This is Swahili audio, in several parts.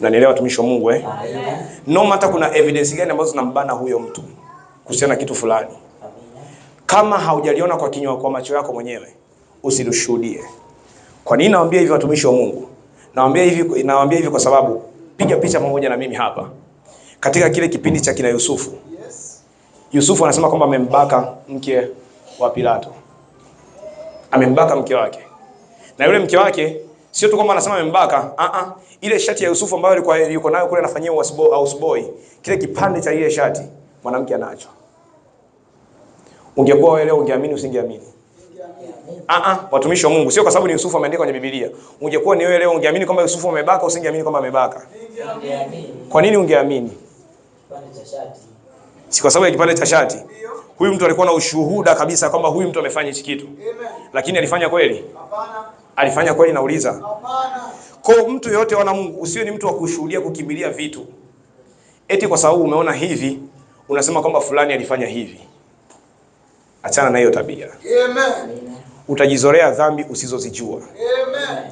Nanielewa watumishi wa Mungu eh? No matter kuna evidence gani ambazo zinambana huyo mtu kuhusiana na kitu fulani, kama haujaliona kwa kinywa, kwa macho yako mwenyewe usilishuhudie. Kwa nini nawaambia hivi watumishi wa Mungu? Nawaambia hivi, nawaambia hivi kwa sababu piga picha pamoja na mimi hapa katika kile kipindi cha kina Yusufu. Yusufu anasema kwamba amembaka mke wa Pilato, amembaka mke wake, na yule mke wake Sio tu kwamba anasema amembaka, a a, ile shati ya Yusufu ambayo alikuwa yuko nayo kule anafanyia houseboy, kile kipande cha ile shati mwanamke anacho. Ungekuwa wewe leo ungeamini usingeamini? A a, watumishi wa Mungu, sio kwa sababu ni Yusufu ameandika kwenye Biblia. Ungekuwa ni wewe leo ungeamini kwamba Yusufu amebaka usingeamini kwamba amebaka? Kwa nini ungeamini? Kipande cha Si kwa sababu ya kipande cha shati. Huyu mtu alikuwa na ushuhuda kabisa kwamba huyu mtu amefanya hichi kitu. Lakini alifanya kweli? Hapana alifanya kweli? Nauliza kwa mtu yote wana Mungu, usiwe ni mtu wa kushuhudia kukimbilia vitu eti kwa sababu umeona hivi unasema kwamba fulani alifanya hivi. Achana na hiyo tabia. Amen. Utajizorea dhambi usizozijua. Amen.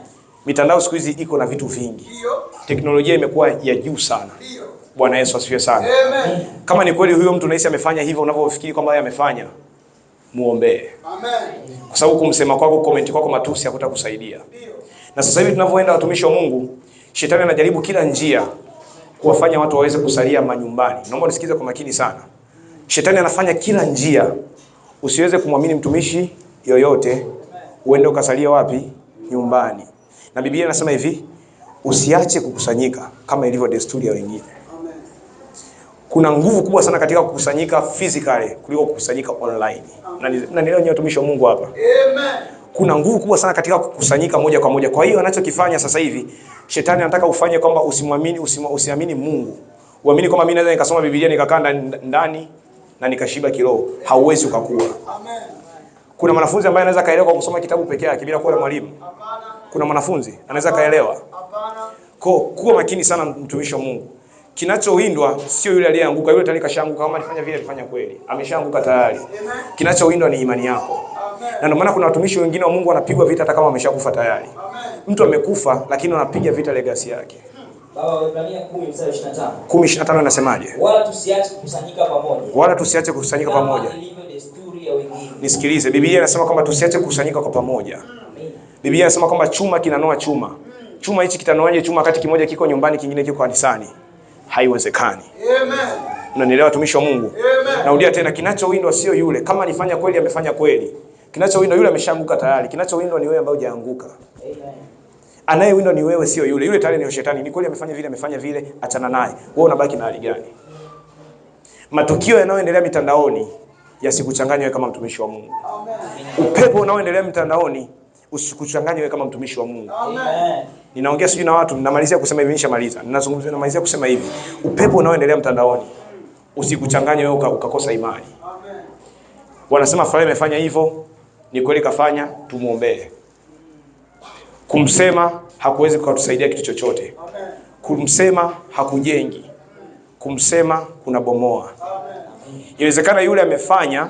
Mitandao siku hizi iko na vitu vingi. Ndio. Teknolojia imekuwa ya juu sana. Ndio. Bwana Yesu asifiwe sana. Amen. Kama ni kweli huyo mtu unahisi amefanya hivyo unavyofikiri kwamba yeye amefanya muombee, kwa sababu kumsema kwako, comment kwako, matusi hakutakusaidia. Na sasa hivi tunavyoenda, watumishi wa Mungu, shetani anajaribu kila njia kuwafanya watu waweze kusalia manyumbani. Naomba nisikize kwa makini sana. Shetani anafanya kila njia usiweze kumwamini mtumishi yoyote, uende ukasalia wapi? Nyumbani. Na Biblia inasema hivi, usiache kukusanyika kama ilivyo desturi ya wengine kuna nguvu kubwa sana katika kukusanyika physically kuliko kukusanyika online. Nanielewa nyinyi watumishi wa Mungu hapa? Amen. Kuna nguvu kubwa sana katika kukusanyika moja kwa moja. Kwa hiyo anachokifanya sasa hivi shetani anataka ufanye kwamba usimwamini, usiamini Mungu, uamini kwamba mimi naweza nikasoma Biblia nikakaa ndani na nikashiba kiroho. Hauwezi ukakua. Amen. Kuna mwanafunzi ambaye anaweza kaelewa kwa kusoma kitabu peke yake bila kuwa na mwalimu? Hapana. Kuna mwanafunzi anaweza kaelewa? Hapana. Kwa kuwa makini sana mtumishi wa Mungu kinachowindwa sio yule aliyeanguka. Yule tayari kashaanguka, kama alifanya vile alifanya kweli, ameshaanguka tayari. Kinachowindwa ni imani yako, na ndio maana kuna watumishi wengine wa Mungu wanapigwa vita hata kama ameshakufa tayari. Mtu amekufa, lakini wanapiga vita legacy yake. Kumi ishirini na tano inasemaje? Wala tusiache kukusanyika pamoja, wala tusiache kukusanyika pamoja. Nisikilize, Biblia inasema kwamba tusiache kukusanyika kwa pamoja. Biblia inasema kwamba chuma kinanoa chuma. Chuma hichi kitanoaje chuma wakati kimoja kiko nyumbani, kingine kiko kanisani? haiwezekani. Amen. Unanielewa watumishi wa Mungu? Narudia tena, kinachowindwa sio yule. Kama alifanya kweli, amefanya kweli. Kinachowindwa yule ameshaanguka tayari. Kinachowindwa ni wewe ambaye hujaanguka. Amen. Anayewindwa ni wewe, sio yule. Yule tayari ni shetani. Ni kweli amefanya vile, amefanya vile, achana naye. Wewe unabaki na hali gani? Matukio yanayoendelea mitandaoni yasikuchanganye kama mtumishi wa Mungu. Amen. Upepo unaoendelea mitandaoni usikuchanganywe kama mtumishi wa Mungu. Amen. Ninaongea sijui na watu, ninamalizia kusema hivi, nishamaliza. Ninazungumzia, ninamalizia kusema hivi, upepo unaoendelea mtandaoni usikuchanganye wewe ukakosa imani. Amen. Wanasema Farao amefanya hivyo, ni kweli kafanya, tumuombee. Kumsema hakuwezi kutusaidia kitu chochote. Amen. Kumsema hakujengi. Kumsema kunabomoa. Inawezekana yule amefanya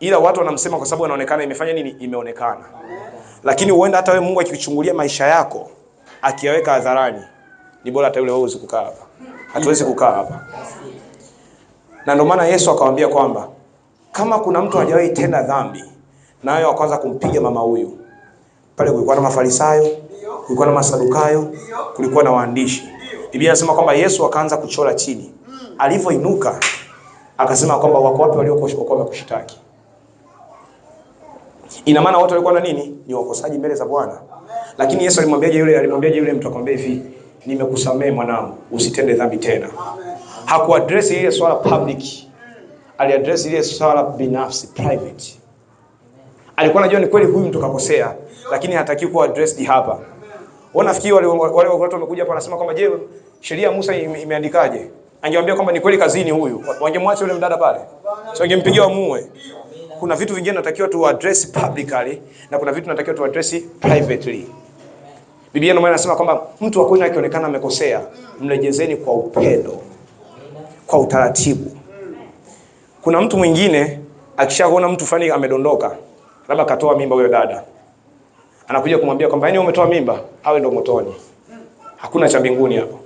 ila watu wanamsema kwa sababu anaonekana. Imefanya nini? Imeonekana. Lakini huenda hata wewe Mungu akikuchungulia maisha yako akiyaweka hadharani, ni bora hata yule wewe usikukaa hapa. Hatuwezi kukaa hapa, na ndio maana Yesu akamwambia kwamba kama kuna mtu hajawahi tenda dhambi na nayo wakaanza kumpiga mama huyu. Pale kulikuwa na Mafarisayo, kulikuwa na Masadukayo, kulikuwa na waandishi. Biblia inasema kwamba Yesu akaanza kuchora chini, alivyoinuka akasema kwamba wako wapi waliokuwa wamekushitaki? Ina maana wote walikuwa na nini? Ni wakosaji mbele za Bwana. Lakini Yesu alimwambiaje yule alimwambiaje yule mtu akamwambia hivi, nimekusamehe mwanangu, usitende dhambi tena. Haku address ile swala public. ali address ile swala binafsi private. Alikuwa anajua ni kweli huyu mtu kakosea, lakini hataki ku address hapa. Wao nafikiri wale wale watu wamekuja hapa wanasema kwamba je, sheria ya Musa imeandikaje? Angewaambia kwamba ni kweli kazini huyu, wangemwacha yule mdada pale. So angempigia muue kuna vitu vingine natakiwa tu address publicly na kuna vitu natakiwa tu address privately. Biblia ndio maana inasema kwamba mtu wa kwenu akionekana amekosea, mrejezeni kwa upendo, kwa utaratibu. Kuna mtu mwingine akishaona mtu fulani amedondoka, labda katoa mimba huyo dada, anakuja kumwambia kwamba yani umetoa mimba, awe ndo motoni, hakuna cha mbinguni hapo.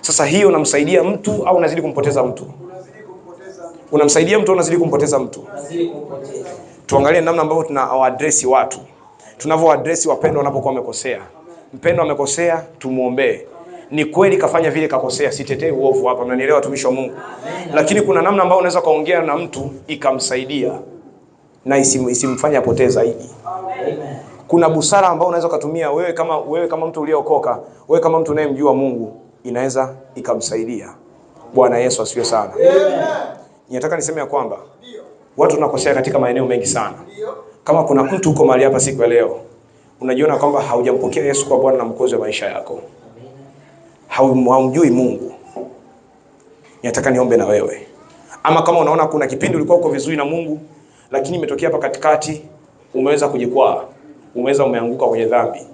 Sasa hiyo unamsaidia mtu au unazidi kumpoteza mtu? unamsaidia mtu, unazidi kumpoteza mtu. Tuangalie namna ambavyo tunawaadresi watu, tunavyowaadresi wapendwa wanapokuwa wamekosea. Mpendwa amekosea, tumwombee. Ni kweli kafanya vile, kakosea, sitetei uovu hapa, mnanielewa watumishi wa Mungu. Lakini kuna namna ambayo unaweza kaongea na mtu ikamsaidia na isim, isimfanye apotee zaidi. Kuna busara ambayo unaweza kutumia wewe kama, wewe kama mtu uliokoka, wewe kama mtu unayemjua Mungu, inaweza ikamsaidia. Bwana Yesu asifiwe sana. Amen. Ninataka niseme ya kwamba watu wanakosea katika maeneo mengi sana. Kama kuna mtu uko mahali hapa siku ya leo, unajiona kwamba haujampokea Yesu kwa Bwana na mwokozi wa maisha yako, haumjui Mungu, ninataka niombe na wewe. Ama kama unaona kuna kipindi ulikuwa uko vizuri na Mungu, lakini imetokea hapa katikati, umeweza kujikwaa, umeweza umeanguka kwenye dhambi.